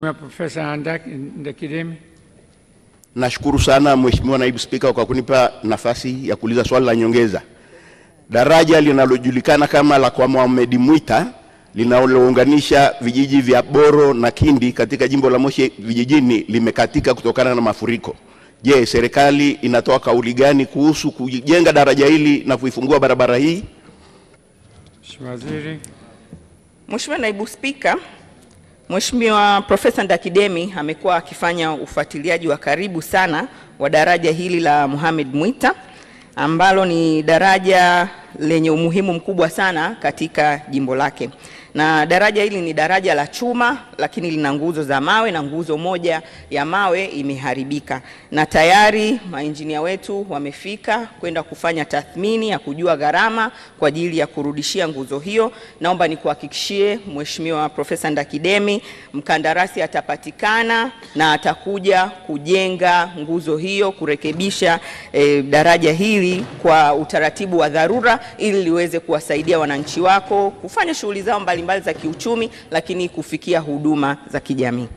Profesa Handak Ndekidemi. Nashukuru sana Mheshimiwa Naibu Spika kwa kunipa nafasi ya kuuliza swali la nyongeza. Daraja linalojulikana kama la kwa Mohamed Mwita linalounganisha vijiji vya Boro na Kindi katika jimbo la Moshi vijijini limekatika kutokana na mafuriko. Je, serikali inatoa kauli gani kuhusu kujenga daraja hili na kuifungua barabara hii? Mheshimiwa Waziri. Mheshimiwa Naibu Spika, Mheshimiwa Profesa Ndakidemi amekuwa akifanya ufuatiliaji wa karibu sana wa daraja hili la Mohamed Mwita ambalo ni daraja lenye umuhimu mkubwa sana katika jimbo lake na daraja hili ni daraja la chuma lakini lina nguzo za mawe na nguzo moja ya mawe imeharibika, na tayari mainjinia wetu wamefika kwenda kufanya tathmini ya kujua gharama kwa ajili ya kurudishia nguzo hiyo. Naomba nikuhakikishie Mheshimiwa Profesa Ndakidemi, mkandarasi atapatikana na atakuja kujenga nguzo hiyo, kurekebisha e, daraja hili kwa utaratibu wa dharura ili liweze kuwasaidia wananchi wako kufanya shughuli zao mbalimbali mbalimbali za kiuchumi, lakini kufikia huduma za kijamii.